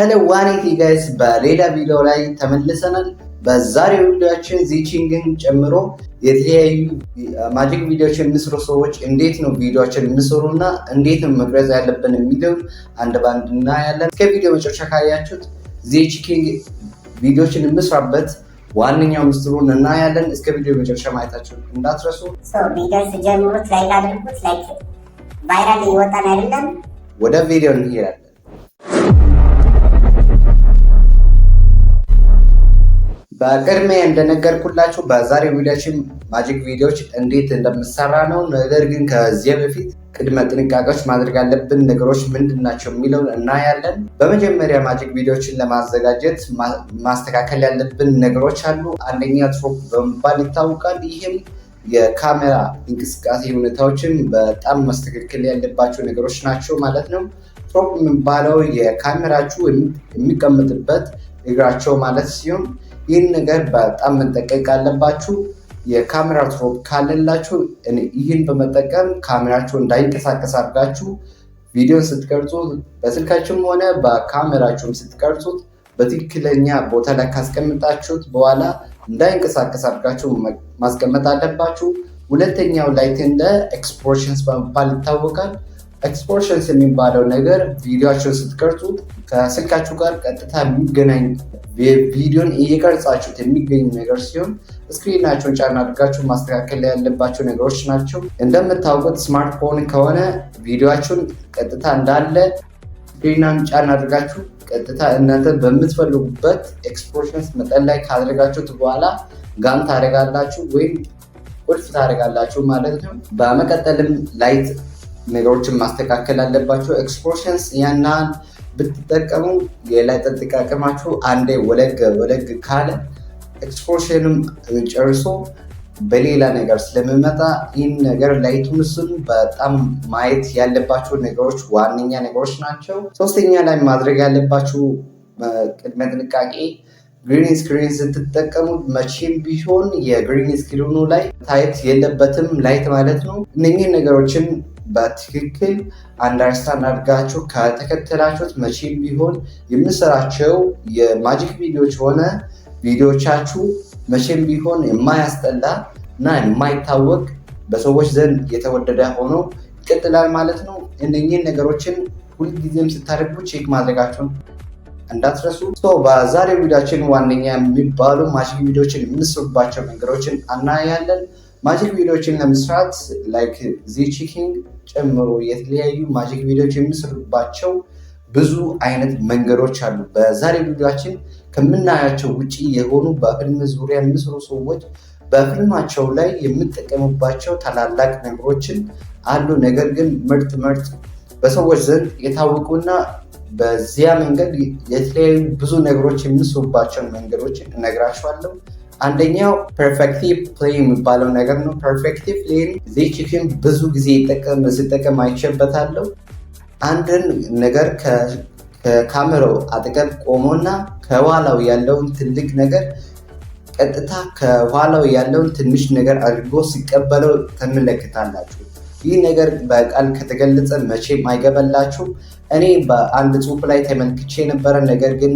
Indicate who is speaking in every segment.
Speaker 1: ሄሎ ጋይስ በሌላ ቪዲዮ ላይ ተመልሰናል። በዛሬው ቪዲዮችን ዚቺንግን ጨምሮ የተለያዩ ማጂክ ቪዲዮዎችን የሚስሩ ሰዎች እንዴት ነው ቪዲዮችን የሚስሩ እና እንዴት ነው መቅረጽ ያለብን የሚለውን አንድ ባንድ እናያለን። እስከ ቪዲዮ መጨረሻ ካያችሁት ዚቺንግ ቪዲዮዎችን የምስራበት ዋነኛው ምስጢሩን እናያለን። እስከ ቪዲዮ መጨረሻ ማየታችሁ እንዳትረሱ። ቪዲዮ ስጀምሩት ላይክ አድርጉት። ላይክ ቫይራል እየወጣን አይደለም። ወደ ቪዲዮ እንሄዳለን። በቅድሚያ እንደነገርኩላችሁ በዛሬ ቪዲዮችን ማጂክ ቪዲዮዎች እንዴት እንደምሰራ ነው። ነገር ግን ከዚያ በፊት ቅድመ ጥንቃቄዎች ማድረግ ያለብን ነገሮች ምንድን ናቸው የሚለውን እናያለን። በመጀመሪያ ማጂክ ቪዲዮዎችን ለማዘጋጀት ማስተካከል ያለብን ነገሮች አሉ። አንደኛ ትሮፕ በመባል ይታወቃል። ይህም የካሜራ እንቅስቃሴ ሁኔታዎችን በጣም ማስተካከል ያለባቸው ነገሮች ናቸው ማለት ነው። ትሮፕ የሚባለው የካሜራችሁ የሚቀመጥበት እግራቸው ማለት ሲሆን ይህን ነገር በጣም መጠቀቅ አለባችሁ። የካሜራ ትሮፕ ካለላችሁ ይህን በመጠቀም ካሜራችሁ እንዳይንቀሳቀስ አድርጋችሁ ቪዲዮን ስትቀርጹ በስልካችሁም ሆነ በካሜራችሁም ስትቀርጹት በትክክለኛ ቦታ ላይ ካስቀምጣችሁት በኋላ እንዳይንቀሳቀስ አድርጋችሁ ማስቀመጥ አለባችሁ። ሁለተኛው ላይት እንደ ኤክስፕሮሽንስ በመባል ይታወቃል። ኤክስፖርሽንስ የሚባለው ነገር ቪዲዮቸውን ስትቀርጹ ከስልካችሁ ጋር ቀጥታ የሚገናኝ ቪዲዮን እየቀርጻችሁት የሚገኝ ነገር ሲሆን እስክሪናቸውን ጫና አድርጋችሁ ማስተካከል ያለባቸው ነገሮች ናቸው። እንደምታውቁት ስማርትፎን ከሆነ ቪዲዮችሁን ቀጥታ እንዳለ ስክሪናን ጫና አድርጋችሁ ቀጥታ እናንተ በምትፈልጉበት ኤክስፖርሽንስ መጠን ላይ ካደረጋችሁት በኋላ ጋን ታደረጋላችሁ ወይም ቁልፍ ታደረጋላችሁ ማለት ነው። በመቀጠልም ላይት ነገሮችን ማስተካከል አለባቸው። ኤክስፖርሽንስ ያን ብትጠቀሙ የላይ ጠጥቃቅማችሁ አንዴ ወለግ ወለግ ካለ ኤክስፖርሽንም ጨርሶ በሌላ ነገር ስለምመጣ ይህን ነገር ላይቱን በጣም ማየት ያለባቸው ነገሮች ዋነኛ ነገሮች ናቸው። ሶስተኛ ላይ ማድረግ ያለባችሁ ቅድመ ጥንቃቄ ግሪን ስክሪን ስትጠቀሙ መቼም ቢሆን የግሪን ስክሪኑ ላይ ታየት የለበትም ላይት ማለት ነው። እነኚህን ነገሮችን በትክክል አንደርስታንድ አድርጋችሁ ከተከተላችሁት መቼም ቢሆን የምንሰራቸው የማጂክ ቪዲዮዎች ሆነ ቪዲዮቻችሁ መቼም ቢሆን የማያስጠላ እና የማይታወቅ በሰዎች ዘንድ የተወደደ ሆኖ ይቀጥላል ማለት ነው። እነኚህን ነገሮችን ሁልጊዜም ስታደርጉ ቼክ ማድረጋችሁን እንዳትረሱ። በዛሬው ቪዲዮችን ዋነኛ የሚባሉ ማጂክ ቪዲዮችን የምንስሩባቸው መንገዶችን አናያለን ማጂክ ቪዲዮዎችን ለመስራት ላይክ ዚቺኪንግ ጨምሮ የተለያዩ ማጂክ ቪዲዮዎች የሚሰሩባቸው ብዙ አይነት መንገዶች አሉ። በዛሬ ቪዲዮችን ከምናያቸው ውጭ የሆኑ በፊልም ዙሪያ የሚሰሩ ሰዎች በፊልማቸው ላይ የምጠቀሙባቸው ታላላቅ ነገሮችን አሉ። ነገር ግን ምርጥ ምርጥ በሰዎች ዘንድ የታወቁና በዚያ መንገድ የተለያዩ ብዙ ነገሮች የሚሰሩባቸውን መንገዶች እነግራችኋለሁ። አንደኛው ፐርፌክቲቭ ፕሌ የሚባለው ነገር ነው። ፐርፌክቲቭ ፕሌይን ዜችክን ብዙ ጊዜ ስጠቀም አይቼበታለሁ። አንድን ነገር ከካሜራው አጠገብ ቆሞና ከኋላው ያለውን ትልቅ ነገር ቀጥታ ከኋላው ያለውን ትንሽ ነገር አድርጎ ሲቀበለው ተመለክታላችሁ። ይህ ነገር በቃል ከተገለጸ መቼም አይገባላችሁ እኔ በአንድ ጽሁፍ ላይ ተመልክቼ የነበረ ነገር ግን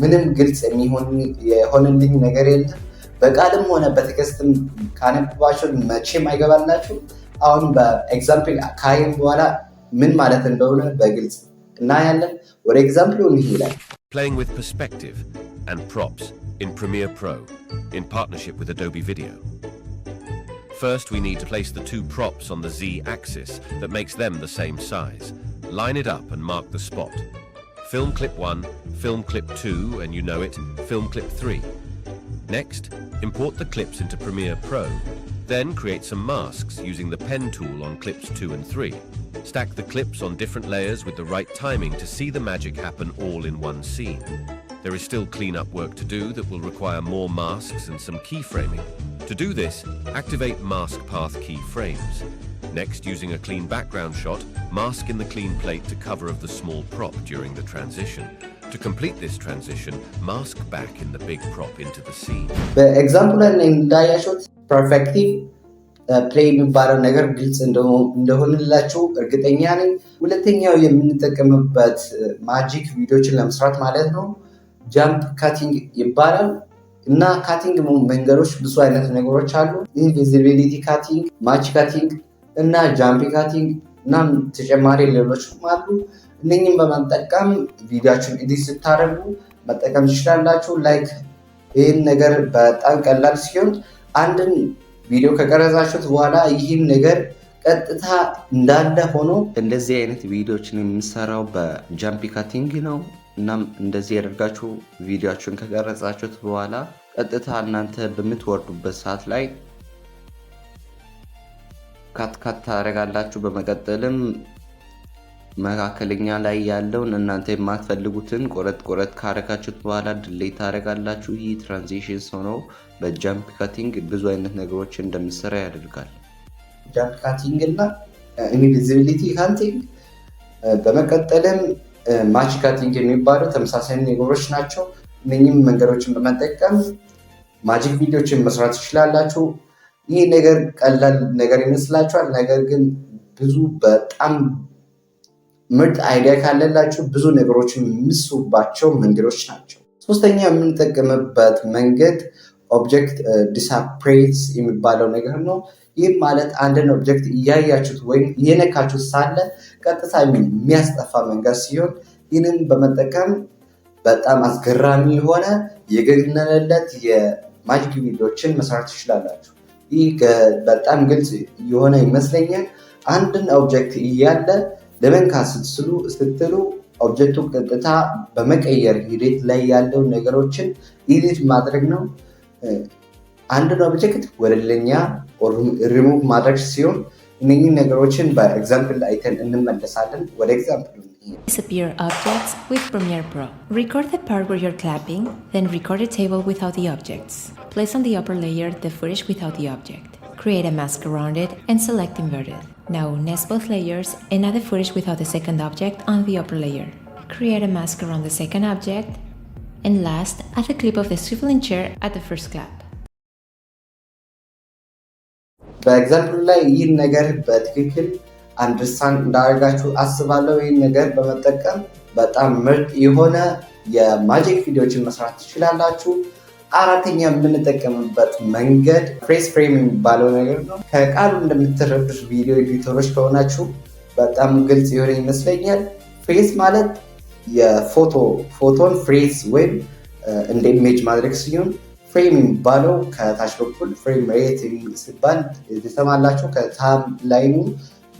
Speaker 1: ምንም ግልጽ የሚሆን የሆነልኝ ነገር የለም። በቃልም ሆነ በቴክስትም ካነበባችሁ መቼም አይገባላችሁ። አሁን በኤግዛምፕል ካየን በኋላ ምን ማለት እንደሆነ በግልጽ እናያለን። ወደ ኤግዛምፕሉ እንሄዳለን።
Speaker 2: Playing with perspective and props in Premiere Pro in partnership with Adobe Video. First, we need to place the two props on the Z axis that makes them the same size. Line it up and mark the spot. Film clip 1, film clip 2, and you know it, film clip 3. Next, import the clips into Premiere Pro. Then create some masks using the pen tool on clips 2 and 3. Stack the clips on different layers with the right timing to see the magic happen all in one scene. There is still cleanup work to do that will require more masks and some keyframing. To do this, activate mask path keyframes. Next, using a clean background shot, mask in the clean plate to cover of the small prop during the transition. To complete this transition, mask back in the big prop into the scene.
Speaker 1: በኤግዛምፕሉ ላይ እንዳያችሁት ፐርፌክቲቭ ፕሌይ የሚባለው ነገር ግልጽ እንደሆንላችሁ እርግጠኛ ነኝ። ሁለተኛው የምንጠቀምበት ማጂክ uh, ቪዲዮችን ለመስራት ማለት ነው ጃምፕ ካቲንግ ይባላል። እና ካቲንግ መንገዶች ብዙ አይነት ነገሮች አሉ። ኢንቪዚቢሊቲ ካቲንግ፣ ማች ካቲንግ እና ጃምፒ ካቲንግ እናም ተጨማሪ ሌሎችም አሉ። እነኝም በመጠቀም ቪዲዮችን ኤዲት ስታደርጉ መጠቀም ትችላላችሁ። ላይክ ይህን ነገር በጣም ቀላል ሲሆን አንድን ቪዲዮ ከቀረጻችሁት በኋላ ይህን ነገር ቀጥታ እንዳለ ሆኖ እንደዚህ አይነት ቪዲዮችን የምሰራው በጃምፒ ካቲንግ ነው። እናም እንደዚህ ያደርጋችሁ ቪዲዮችን ከቀረጻችሁት በኋላ ቀጥታ እናንተ በምትወርዱበት ሰዓት ላይ ካትካት ታደረጋላችሁ በመቀጠልም መካከለኛ ላይ ያለውን እናንተ የማትፈልጉትን ቆረጥ ቆረጥ ካረካችሁት በኋላ ድሌት ታደርጋላችሁ። ይህ ትራንዚሽንስ ሆኖ በጃምፕ ካቲንግ ብዙ አይነት ነገሮችን እንደምሰራ ያደርጋል። ጃምፕ ካቲንግ እና ኢንቪዚቢሊቲ ካንቲንግ በመቀጠልም ማች ካቲንግ የሚባሉ ተመሳሳይ ነገሮች ናቸው። እነኝም መንገዶችን በመጠቀም ማጂክ ቪዲዮችን መስራት ትችላላችሁ። ይህ ነገር ቀላል ነገር ይመስላችኋል። ነገር ግን ብዙ በጣም ምርጥ አይዲያ ካለላችሁ ብዙ ነገሮችን የምትስቡባቸው መንገዶች ናቸው። ሶስተኛ የምንጠቀምበት መንገድ ኦብጀክት ዲስፕሬስ የሚባለው ነገር ነው። ይህም ማለት አንድን ኦብጀክት እያያችሁት ወይም እየነካችሁት ሳለ ቀጥታ የሚያስጠፋ መንገድ ሲሆን ይህንን በመጠቀም በጣም አስገራሚ የሆነ የገነለለት የማጅግ ቪዲዮችን መስራት ትችላላችሁ። ይህ በጣም ግልጽ የሆነ ይመስለኛል። አንድን ኦብጀክት እያለ ለመንካ ስትስሉ ስትሉ ኦብጀክቱ ቀጥታ በመቀየር ሂደት ላይ ያለው ነገሮችን ኢዲት ማድረግ ነው። አንድን ኦብጀክት ወደ ሌላኛ ሪሙቭ ማድረግ ሲሆን እነኚህ ነገሮችን በኤግዛምፕል አይተን እንመለሳለን። ወደ ኤግዛምፕል
Speaker 3: Disappear objects with Premiere Pro. Record the part where you're clapping, then record a table without the objects. Place on the upper layer the footage without the object. Create a mask around it and select inverted. Now nest both layers and add the footage without the second object on the upper layer. Create a mask around the second object. And last, add the clip of the swiveling chair at the first clap.
Speaker 1: በኤግዛምፕሉ ላይ ይህን ነገር በትክክል አንደርስታንድ እንዳደርጋችሁ አስባለሁ። ይህን ነገር በመጠቀም በጣም ምርጥ የሆነ የማጂክ ቪዲዮዎችን መስራት ትችላላችሁ። አራተኛ የምንጠቀምበት መንገድ ፍሬስ ፍሬም የሚባለው ነገር ነው። ከቃሉ እንደምትረዱት ቪዲዮ ኤዲተሮች ከሆናችሁ በጣም ግልጽ የሆነ ይመስለኛል። ፍሬስ ማለት የፎቶ ፎቶን ፍሬስ ወይም uh, እንደ ኢሜጅ ማድረግ ሲሆን ፍሬም የሚባለው ከታች በኩል ፍሬም ሬት ሲባል የተሰማላቸው ከታም ላይኑ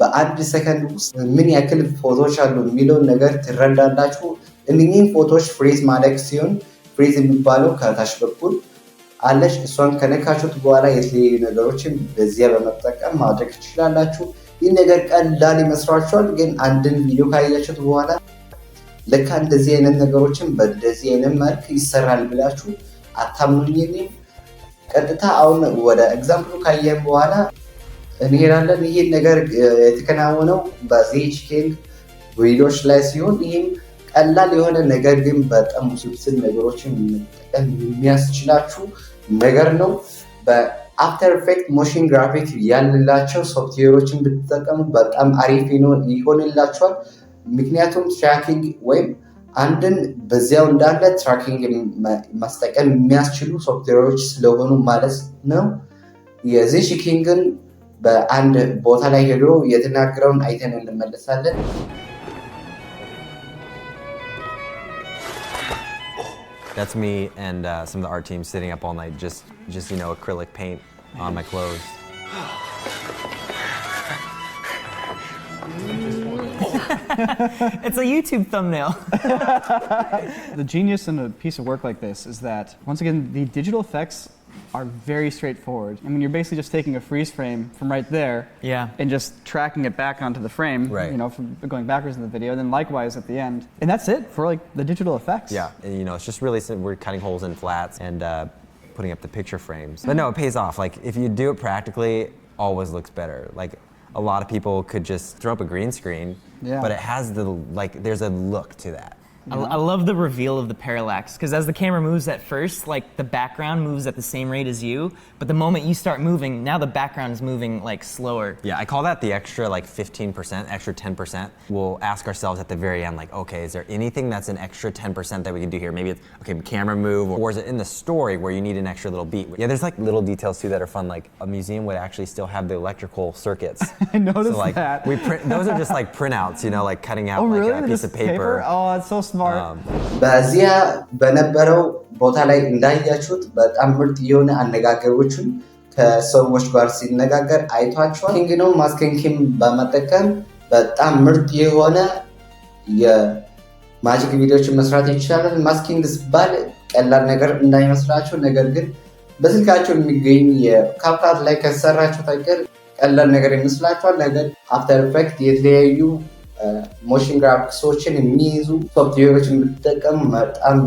Speaker 1: በአንድ ሰከንድ ውስጥ ምን ያክል ፎቶዎች አሉ የሚለውን ነገር ትረዳላችሁ። እነዚህን ፎቶዎች ፍሬዝ ማድረግ ሲሆን ፍሪዝ የሚባለው ከታች በኩል አለች። እሷን ከነካችሁት በኋላ የተለያዩ ነገሮችን በዚያ በመጠቀም ማድረግ ትችላላችሁ። ይህ ነገር ቀላል ይመስላችኋል፣ ግን አንድን ቪዲዮ ካያችሁት በኋላ ልካ እንደዚህ አይነት ነገሮችን በእንደዚህ አይነት መልክ ይሰራል ብላችሁ አታምኑኝም። ቀጥታ አሁን ወደ ኤግዛምፕሉ ካየን በኋላ እንሄዳለን። ይህን ነገር የተከናወነው በዚች ኪንግ ቪዲዮች ላይ ሲሆን ይህም ቀላል የሆነ ነገር ግን በጣም ውስብስብ ነገሮችን መጠቀም የሚያስችላችሁ ነገር ነው። በአፍተር ኢፌክት ሞሽን ግራፊክ ያልላቸው ሶፍትዌሮችን ብትጠቀሙ በጣም አሪፍ ይሆንላቸዋል ምክንያቱም ትራኪንግ ወይም አንድን በዚያው እንዳለ ትራኪንግ ማስጠቀም የሚያስችሉ ሶፍትዌሮች ስለሆኑ ማለት ነው። የዚህ ኪንግን በአንድ ቦታ ላይ ሄዶ የተናገረውን አይተን እንመለሳለን።
Speaker 4: That's me and uh, some of the art team sitting up all night, just, just you know, acrylic paint on my clothes.
Speaker 5: it's a YouTube thumbnail.
Speaker 6: the genius in a piece of work like this is that, once again, the digital effects are very straightforward. I mean, you're basically just taking a freeze frame from right there yeah. and just tracking it back onto the frame, right. you know, from going backwards in the video, and then likewise at the end. And that's it for like the digital effects.
Speaker 4: Yeah, and, you know, it's just really, we're cutting holes in flats and uh, putting up the picture frames. But no, it pays off. Like, if you do it practically, always looks better. Like, a lot of people could just throw up a green screen, yeah. but it has the, like, there's a look to that.
Speaker 5: I, I love the reveal of the parallax because as the camera moves at first, like the background moves at the same rate as you, but the moment you start moving, now the background is moving like slower.
Speaker 4: Yeah, I call that the extra like 15%, extra 10%. We'll ask ourselves at the very end, like, okay, is there anything that's an extra 10% that we can do here? Maybe it's, okay, camera move, or is it in the story where you need an extra little beat? Yeah, there's like little details too that are fun. Like a museum would actually still have the electrical circuits.
Speaker 6: I noticed so, like, that.
Speaker 4: We print, those are just like printouts, you know, like cutting oh, out oh, like really? a piece just of paper. paper?
Speaker 6: Oh, it's so smart.
Speaker 1: በዚያ በነበረው ቦታ ላይ እንዳያችሁት በጣም ምርጥ የሆነ አነጋገሮችን ከሰዎች ጋር ሲነጋገር አይቷቸዋል። ኪንግዶም ማስኪንኪም በመጠቀም በጣም ምርጥ የሆነ የማጂክ ቪዲዮዎችን መስራት ይቻላል። ማስኪንግ ሲባል ቀላል ነገር እንዳይመስላችሁ፣ ነገር ግን በስልካቸው የሚገኝ የካፕካት ላይ ከሰራችሁ አይቀር ቀላል ነገር ይመስላችኋል። ነገር አፍተር ኢፌክት የተለያዩ ሞሽን ግራፊክሶችን የሚይዙ ሶፍትዌሮች የምትጠቀም በጣም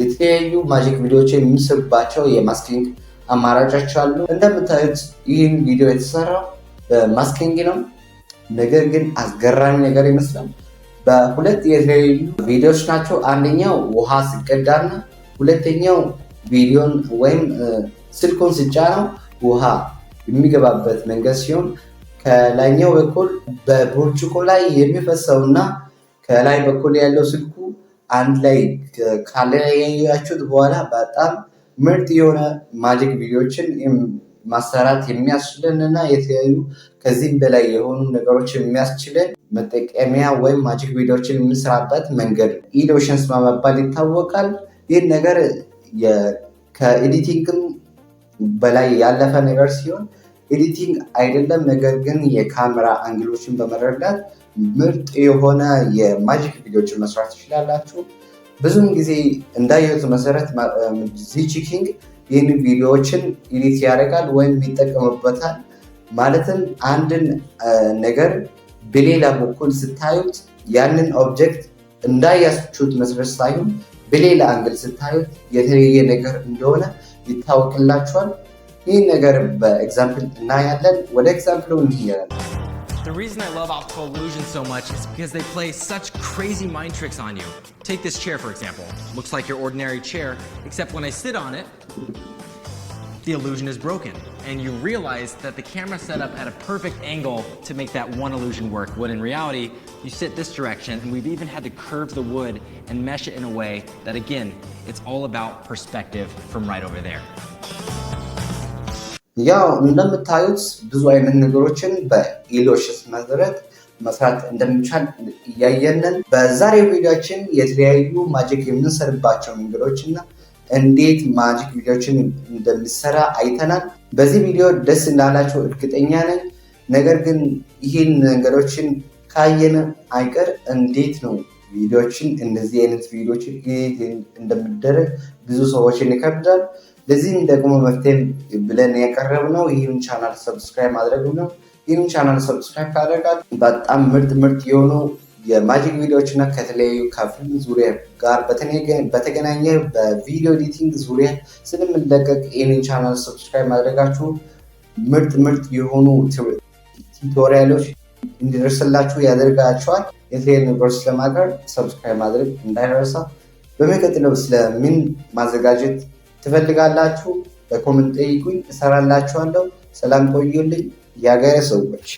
Speaker 1: የተለያዩ ማጂክ ቪዲዮዎችን የሚስብባቸው የማስኪንግ አማራጮች አሉ። እንደምታዩት ይህን ቪዲዮ የተሰራው በማስኪንግ ነው። ነገር ግን አስገራሚ ነገር ይመስላል። በሁለት የተለያዩ ቪዲዮዎች ናቸው። አንደኛው ውሃ ና ሁለተኛው ቪዲዮን ወይም ስልኩን ስጫ ነው ውሃ የሚገባበት መንገድ ሲሆን ከላይኛው በኩል በብርጭቆ ላይ የሚፈሰው እና ከላይ በኩል ያለው ስልኩ አንድ ላይ ካለያያችሁት በኋላ በጣም ምርጥ የሆነ ማጅክ ቪዲዮዎችን ማሰራት የሚያስችለን እና የተለያዩ ከዚህም በላይ የሆኑ ነገሮች የሚያስችለን መጠቀሚያ ወይም ማጂክ ቪዲዮዎችን የምንሰራበት መንገድ ኢዶሽንስ በመባል ይታወቃል። ይህን ነገር ከኤዲቲንግም በላይ ያለፈ ነገር ሲሆን ኤዲቲንግ አይደለም፣ ነገር ግን የካሜራ አንግሎችን በመረዳት ምርጥ የሆነ የማጂክ ቪዲዮችን መስራት ትችላላችሁ። ብዙም ጊዜ እንዳየሁት መሰረት ዚቺኪንግ ይህን ቪዲዮዎችን ኤዲት ያደርጋል ወይም ይጠቀምበታል። ማለትም አንድን ነገር በሌላ በኩል ስታዩት ያንን ኦብጀክት እንዳያችሁት መስረት ሳይሆን በሌላ አንግል ስታዩት የተለየ ነገር እንደሆነ ይታወቅላችኋል። ይህን ነገር በኤግዛምፕል እናያለን። ወደ ኤግዛምፕሉ እንሄዳለን።
Speaker 7: The reason I love optical illusions so much is because they play such crazy mind tricks on you. Take this chair, for example. Looks like your ordinary chair, except when I sit on it, the illusion is broken. And you realize that the camera set up at a perfect angle to make that one illusion work, when in reality, you sit this direction, and we've even had to curve the wood and mesh it in a way that, again, it's all about perspective from right over there.
Speaker 1: ያው እንደምታዩት ብዙ አይነት ነገሮችን በኢሎሽስ መሰረት መስራት እንደሚቻል እያየንን በዛሬ ቪዲዮችን የተለያዩ ማጂክ የምንሰርባቸው መንገዶች ና እንዴት ማጂክ ቪዲዮችን እንደሚሰራ አይተናል። በዚህ ቪዲዮ ደስ እንዳላቸው እርግጠኛ ነኝ። ነገር ግን ይህን ነገሮችን ካየን አይቀር እንዴት ነው ቪዲዮችን እንደዚህ አይነት ቪዲዮችን እንደሚደረግ ብዙ ሰዎችን ይከብዳል። ለዚህም ደግሞ መፍትሄ ብለን ነው ይህን ቻናል ሰብስክራይብ ማድረግ ነው። ይህን ቻናል ሰብስክራይብ ካደረጋችሁ በጣም ምርጥ ምርጥ የሆኑ የማጂክ ቪዲዮዎች እና ከተለያዩ ከፊልም ዙሪያ ጋር በተገናኘ በቪዲዮ ኤዲቲንግ ዙሪያ ስለምንለቀቅ ይህንን ቻናል ሰብስክራይብ ማድረጋችሁ ምርጥ ምርጥ የሆኑ ቱቶሪያሎች እንዲደርስላችሁ ያደርጋቸዋል። የተለያዩ ነገሮች ስለማቅረብ ሰብስክራይብ ማድረግ እንዳይረሳ። በሚቀጥለው ስለምን ማዘጋጀት ትፈልጋላችሁ? በኮመንት ጠይቁኝ፣ እሰራላችኋለሁ። ሰላም ቆዩልኝ የሀገሬ ሰዎች።